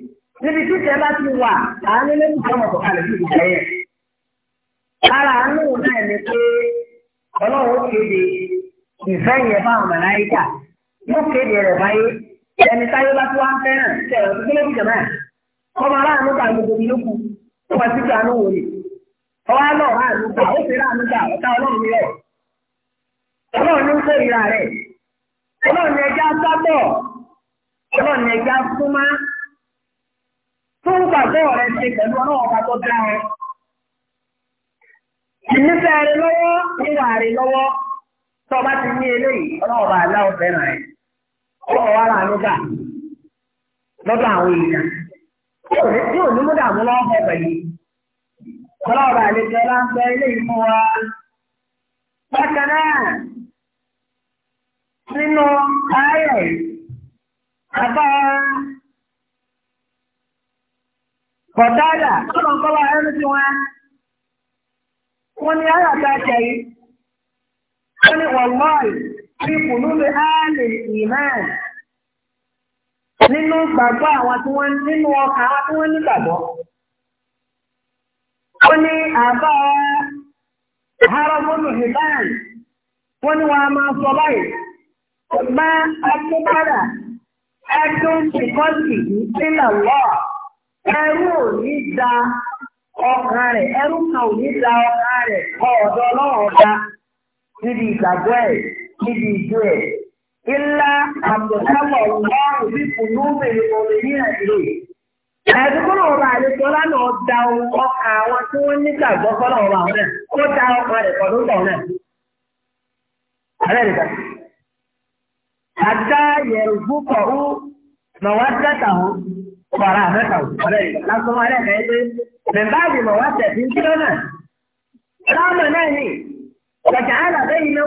níbi tí ìṣẹ́ bá ti wà àánú ló ń jẹ́ ọmọ kọ̀ọ̀kalẹ̀ sí ìṣẹ́ yẹn. lára àánú náà ni pé ọlọ́run kéde ìfẹ́ yẹn bá àwọn màláyíkà yóò kéde rẹ̀ báyé ẹni táyé bá tó wá ń fẹ́ràn ṣe ẹ̀rọ tó kéde jẹ̀mọ́ ẹ̀. ọmọ aláàánú gba gbogbo mi lókun ó wá sí àánú wò ni. ọwọ́ náà àánú gbà ó fẹ́ràn àánú gbà ọ̀tá ọlọ́run rẹ̀. ọlọ́run ọlọ́run ẹja sábọ̀ tó ń gbàgbọ́ rẹ̀ ṣe pẹ̀lú ọlọ́wọ́ ọba tó dá ẹ. Ìmúṣẹ rẹ lọ́wọ́ níwà rẹ lọ́wọ́ tó ọba ti ní eléyìí ọlọ́wọ́ ọba aláwọ̀ fẹ́ràn ẹ̀. Ọlọ́wọ́ wa làánú gbà lọ́dọ̀ àwọn èèyàn. Tí ò ní mú dààmú lọ́wọ́ fẹ́ pẹ̀lú. Ọlọ́wọ́ ọba àlejò ọlá ń sọ eléyìí fún wa. Bákan náà, nínú ayọ̀ àbá Kọ̀tádà, ọ̀nà kọ́lá ẹnu tí wọ́n wọ́n ní àyàtà kẹ̀yí. Wọ́n ní wọ̀lọ́ọ̀lì ní kùnúlé áàlì ìmáà. Nínú gbàgbọ́ àwọn tí wọ́n nínú ọkà àwọn tí wọ́n ní gbàgbọ́. Wọ́n ni àbá Harabonu Hibán. Wọ́n wọ́n máa sọ ẹrú ò ní da ọkàn rẹ̀ ẹrú kan ò ní da ọkàn rẹ̀ ọdọ ọ̀dọ̀ níbi ìgbàgbọ́ ẹ̀ níbi ìjọ ẹ̀. Ilá àbùkámọ̀ ọ̀gbọ́n bí kùnú bèrè omi ní àdìrè. Ẹ̀sùn ọba lánà ọkàn àwọn tí ní ọba ọ̀rá mẹ́ta ọ̀rẹ́ lásánmọ́ alẹ́ kan pé bẹ̀mbáàdì mọ̀ wá tẹ̀sí kíló náà ráàmù náà ni ọ̀jà alábẹ́yìn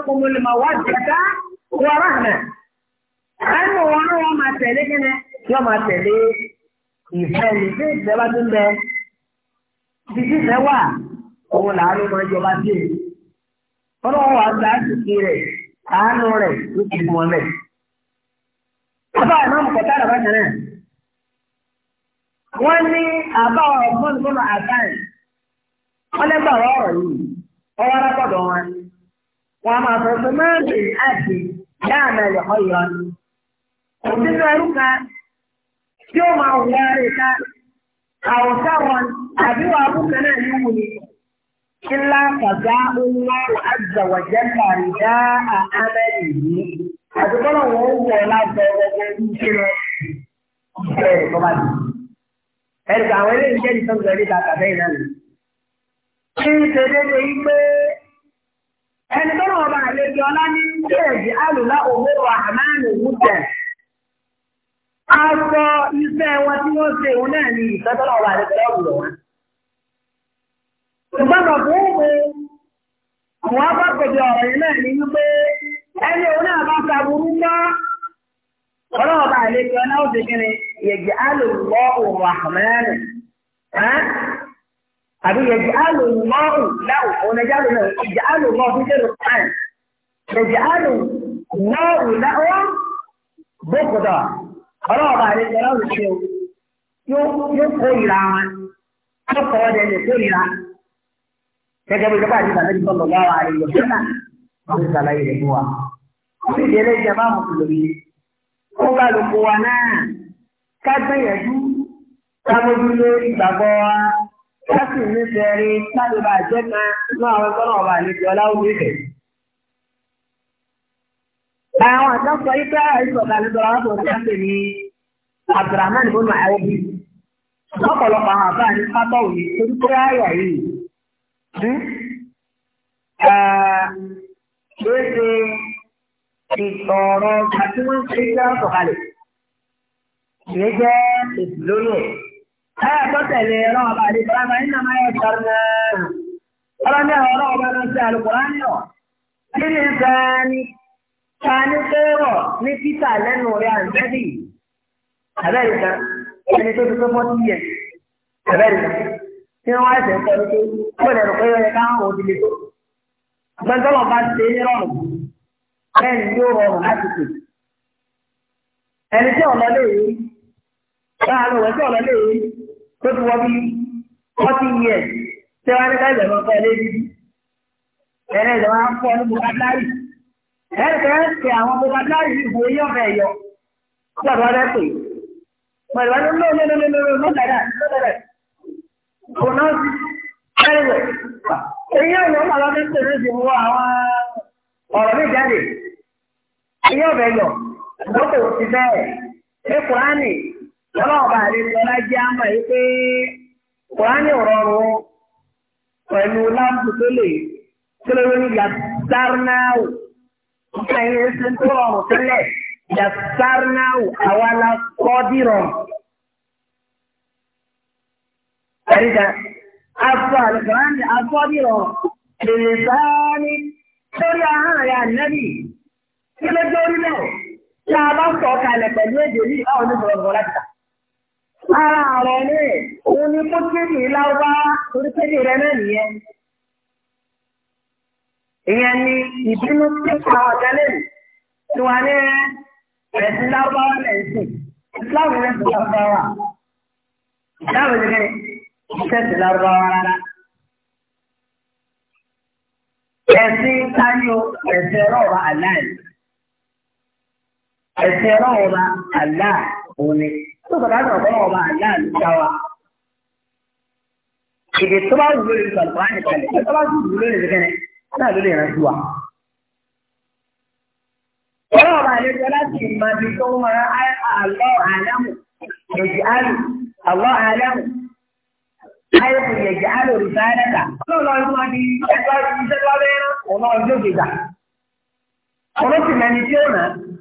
wọ́n ní àbá ọ̀rọ̀ fún ìfúnnu àtàrí wọ́n lẹ́gbà ọ̀rọ̀ yìí ọwọ́ arákọ̀dọ̀ wọn wọn máa sọ pé mẹ́rin àti dáàmà ẹ̀yọ̀ ọ̀yọ́ ni òbínú ẹrú kan tí ó máa wọ ẹrẹ ká àwòká wọn àbí wọn abúkẹ́ náà ní wù ní ńlá kàgá ńlá àjàwọ̀jẹ́ kàrídá àhámẹ́rì yìí àdúgbò wọn wọ̀ lábẹ́ ọgbẹ́ ìṣẹ̀lẹ̀ ìṣẹ̀lẹ̀ tó bá dùn. ẹ̀rù àwọn eléyìí jẹ́ ìtàn ìgbà níta àtàbẹ́ ìlànà nù. kí n ṣe déédéé yí pé ẹni tó náà bá àlejò ọlá ní kéèjì àlùlá àmánù a sọ iṣẹ́ wọn tí wọ́n ṣe òun náà ní àlejò wọn. fún àwọn ọ̀rọ̀ yìí náà ní wípé ẹni òun ọlọ́run bá lè fi ọlọ́run ṣe yẹ̀jì alòlọ́ òun àmọ́lẹ́rìn àbí yẹ̀jì alòlọ́ òun òun na alòlọ́ yẹ̀jì alòlọ́ òun ṣe lò yẹ̀jì alòlọ́ òun lọ́wọ́ bókòtò ọlọ́run bá lè fi ọlọ́run ṣe yóò kó ìra wọn yóò kọ́ ọ́ dẹ́nu kó ìra gẹ́gẹ́ bí ìjọba lọ́wọ́ ó bá lóko wa náà ká gbìyànjú ká mójú lé ìgbàgbọ́ wa ká sì nífẹ̀ẹ́ rí kálíbà jẹ́ kan náà àwọn ẹgbẹ́ náà wà níbi ọláwó nífẹ̀ẹ́. Àwọn àtọ́sọ yìí pé àìsọ̀tà ní sọ̀rọ̀ àwọn ọ̀sán pè ní Abdulrahman bó máa wọ́n bí. Ọ̀pọ̀lọpọ̀ àwọn àbá ní pátọ̀ òní torí pé àyà yìí. Hmm, Ṣé ìtọ̀ọ̀rọ̀ ọgbà tí wọ́n ń ṣe jẹ́ ọ̀sọ̀kalẹ̀. Ìyẹn jẹ́ èsì lórí ẹ̀. Táyà tó tẹ̀lé ọlọ́wọ́ bá lè bá máa ń nà máa yọ sọ̀rọ̀ náà. Ọlọ́ni àwọn ọlọ́wọ́ bá lọ sí Àlùkùránì ọ̀. Kí ni gan-an ni? Ta ni fẹ́rọ̀ ní títà lẹ́nu rẹ̀ àǹtẹ́bì? Àbẹ́ ìta, ẹni tó ti tó fọ́tí yẹn. Àbẹ́ ìta, tí wọ́n wá ẹ̀sẹ̀ ní pé, ó lè rò pé ó káwọn òdìlẹ̀ tó. Àgbẹ̀ntọ́lọ̀ bẹ́ẹ̀ ni yóò rọrùn láti pè. ẹni tí ọ̀nà lè rí láàárín òwe tí ọ̀nà lè rí tó ti wọ́n bí forty years tí wọ́n ní káyọ̀ lọ́kọ́ ẹ lébi. ẹni ìjọba máa ń fọ́ ní bukadari. ẹni kẹ́ ẹ́ ṣe àwọn bukadari ìbò yíyọ̀ bẹ́ẹ̀ yọ. kí ọ̀dọ́ rẹ pè. pẹ̀lú ẹni ló ló ló ló ló ló dàda ló dàda. kò náà sí ẹni wẹ̀. èyí ò ní ọmọ lọ́dún tó ní ìdìbò àwọn ọ̀rọ̀ mi jáde. ayé ọ̀bẹ yọ lọ́kọ̀ òsì bẹ́ẹ̀ ní kùránì ọlọ́ọ̀bà àdéhùn ọlájẹ́ àmọ̀ yìí pé kùránì rọrùn pẹ̀lú láǹpù tó lè kílódé ní yasarnáwó nígbà yẹn ṣe tó rọrùn tẹ́lẹ̀ yasarnáwó àwa la kọ́ rọrùn. Àríkà afọ àlùkò kí ló dé orí náà tí a bá sọ kalẹ̀ pẹ̀lú èdè yìí a ò ní bọ̀rọ̀bọ̀ láti ta. ara rẹ̀ ní òun ni kó kéde láwá torí kéde rẹ̀ náà nìyẹn. ìyẹn ni ìbínú tí a ọ̀gá lẹ́nu tí wọ́n ní ẹ̀sìn láwáwá lẹ́sìn ìsìláàmù rẹ̀ sì láwáwá. ìsìláàmù rẹ̀ iṣẹ́ sì rárá. ẹ̀sìn táyọ̀ ẹ̀sìn ọlọ́ọ̀bá àláì. ẹ̀sìn ọlọ́run ọba àlá òun ni tó bàtà sọ̀rọ̀ ọlọ́run ọba àlá ló dá wa. èdè tó bá wù lórí ìgbàlùkọ́ á nìkan tó bá wù lórí ìgbàlùkọ́ náà ló lè rántí wa. ọlọ́run ọba àlejò aláṣẹ ìmọ̀bí tó ń ran àlọ́ àlámù àlù àlọ́ àlámù ọlọ́run ọlọ́run ọlọ́sìn mẹ́ni tí ó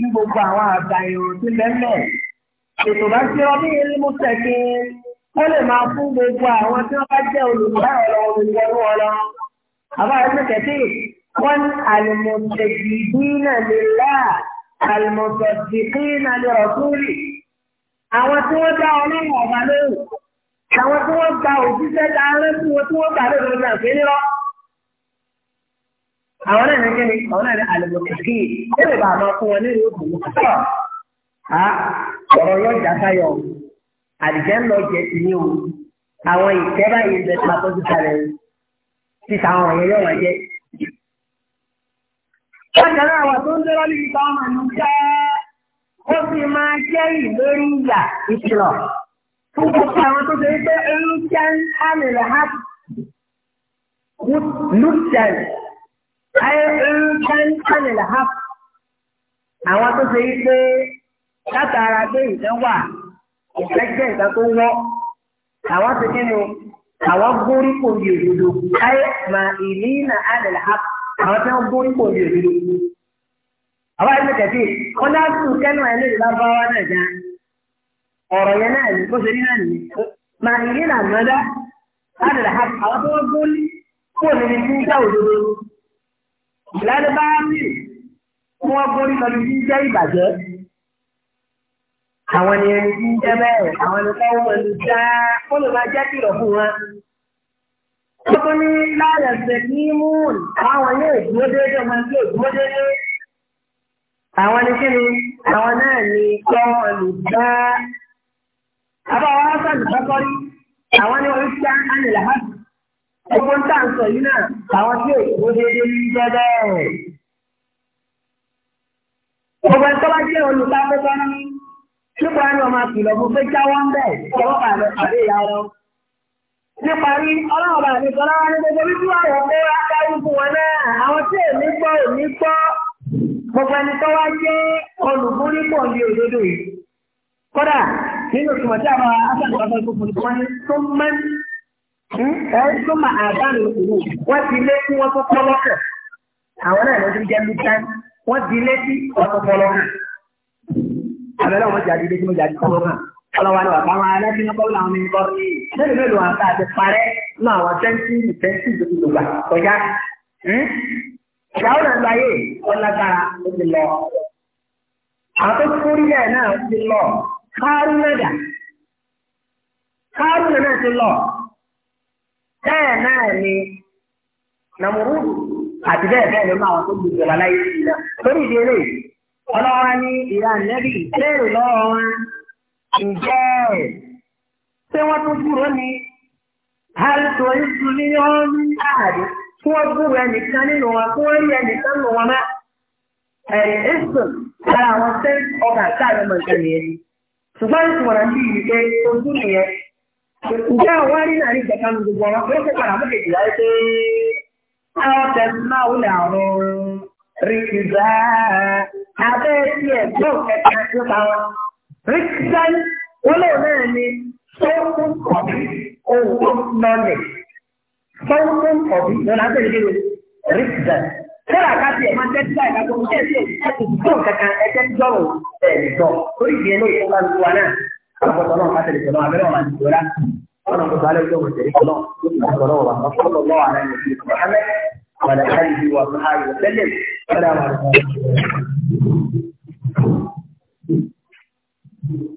ní gbogbo àwọn àgbà ìrùn tí lẹ́lẹ̀. Ètò bá ṣe ọdún yìí mú tẹ̀kí ó lè máa fún gbogbo àwọn tí wọ́n bá jẹ́ olùgbà ọ̀rọ̀ olùgbẹ̀rú ọ̀rọ̀. Àbá ẹgbẹ́ kẹ̀kí wọ́n ní àlùmọ̀tẹ̀gìdínà lè láà àlùmọ̀tẹ̀gìdínà lè rọ̀kúrì. Àwọn tí wọ́n dá ọlọ́run ọ̀gá lóhùn. Àwọn tí wọ́n gba òjíṣẹ́ dá rẹ́sùn wọn tí wọ́n gbà lóhùn náà àwọn náà ní kíni àwọn náà ní àlùmọ̀kìkì ó lè bá a máa fún wọn ní ìlú òkùnkùn a ọ̀rọ̀ yóò já sáyọ̀ àdìjẹ́ ń lọ jẹ sí ní o àwọn ìkẹ́ báyìí ń bẹ tí wọ́n tó ti sàlẹ̀ títa àwọn ọ̀rọ̀ yóò wá jẹ́. Bákan náà tó ń dúró ní ìta ọmọ ìlú jẹ́ ó fi máa jẹ́ ìlérí ìyà ìkìlọ̀ fún gbogbo àwọn tó ṣe ẹ̀ẹ́dẹ́gbẹ̀rún half àwọn tó ṣe pé látara pé ìtàn wà ìfẹ́jẹ́ ìtàn tó wọ́ àwọn ti kí ni àwọn gbórí kò di òdodo ayé mà ìlí nà àdàlà half àwọn tí wọ́n gbórí kò di òdodo. àwọn ẹgbẹ́ tẹ̀sí wọn dá sùn kẹ́nu ẹ̀ lórí lábáwá náà já ọ̀rọ̀ yẹn náà ní bó ṣe rí náà nìyí mà ìlí nà àmọ́dá àdàlà half àwọn tí wọ́n gbórí kò ní ní ìlànà bá rí kí wọ́n gorí lọ́dún jẹ́ ìbàjẹ́. Àwọn ni ẹni tí ń jẹ́ bẹ́ẹ̀, àwọn ni káwọn pẹ̀lú dáa, ó máa jẹ́ kìlọ̀ fún wọn. Ó ní láàrẹ̀ ṣẹ̀ ní moon, àwọn yóò dúró déédéé, wọn yóò dúró déédéé. Àwọn ni kíni, àwọn náà ni káwọn lè dáa. Àbáwọ̀ á sọ̀rọ̀ àwọn ni orí tí a ń Ẹgbọ́n tá à ń sọ yìí náà, àwọn tí òyìnbó déédéé ní gbọ́dọ̀. Gbogbo ẹ̀tọ́ bá jẹ́ olùkápẹ́kọ́ ní nípa ẹni ọmọ àkìlọ̀ mo fẹ́ jáwọ́ ń bẹ̀ ọwọ́ pàdé pàdé ìyá wọn. Nípa rí ọlọ́run bá mi sọ́lá wọn ní gbogbo bíbí àwọn pé akáwí fún wọn náà, àwọn tí èmi gbọ́ èmi gbọ́. Gbogbo ẹni tó wá jẹ́ olùkúrí pọ̀ ní òdodo yìí. Kódà nínú ìtumọ̀ tí àwọn aṣáájú ọ̀sán ìkókò ní wọ́n ní tó mẹ́rin ẹ̀ẹ́n tó máa àdánù ìlú wọ́n ti lé tí wọ́n tó pọ́ lọ́kọ̀ àwọn náà lọ́dún jẹ́ mítán wọ́n ti lé tí wọ́n tó pọ́ lọ́kọ̀ àbẹ̀lẹ̀ wọn jáde lé tí wọ́n jáde pọ́ lọ́kọ̀ ọlọ́wà ni bàbá wọn aláṣẹ ní kọ́ọ̀lù àwọn ẹni kọ́ọ̀lù mélòó mélòó àti àti parẹ́ ní àwọn sẹ́ńtírì sẹ́ńtírì tó ti lò gbà kọjá hmm? ìyàwó náà láyé ọlágbára ó ti lọ àwọn tó kúrú yẹn náà ti lọ kárú náà dà kárú náà ti lọ bẹ́ẹ̀ náà ni nàmúrúdù àti bẹ́ẹ̀ bẹ́ẹ̀ lọ́nà àwọn tó gbogbo wà láyé sí ilẹ̀ lórí ìdílé ọlọ́wọ́ ní ìyá nẹ́bí léèrè lọ́wọ́ wọn ǹjẹ́ ṣé wọ́n tún dúró ni ní wọ́n wọ́n ẹnìkan nínú wọn wọ́n rí ẹnìkan nínú wọn ìṣù ara àwọn ṣùgbọ́n ojú nìyẹn Ǹjẹ́ àwọn rí náà ní ìjẹ̀ka ní gbogbo ọ̀rọ̀ pé ó ṣe padà mú kejì láyé pé àwọn tẹ̀sí náà ó lè àrùn rìkìzá abẹ́ sí ẹ̀gbọ́n kẹta nípa wọn. Rìkìzá wọn lè náà ní sọ́ọ̀mù kọ̀bí ohun tó nọ́ọ̀lẹ̀. Sọ́ọ̀mù kọ̀bí wọn náà tẹ̀lé kí rìkìzá. Sọ́ra ká tiẹ̀ máa tẹ́tí láì ká gbogbo tẹ́tí ẹ̀ ti gbọ́n kankan ẹ̀jẹ̀ jọ̀rọ̀ ẹ̀ àwọn ọlọ́run láti lè sọ̀rọ̀ abẹ́rẹ́ ọ̀ràn ìṣòro rẹ̀ ọlọ́run tó sáré tó wọ̀ tẹ̀lé ọlọ́run tó sì máa sọ̀rọ̀ wà lọ́sọ̀rọ̀ lọ́wọ́ àrẹ ìṣòro ìṣòro وعلى آله وصحبه وسلم السلام عليكم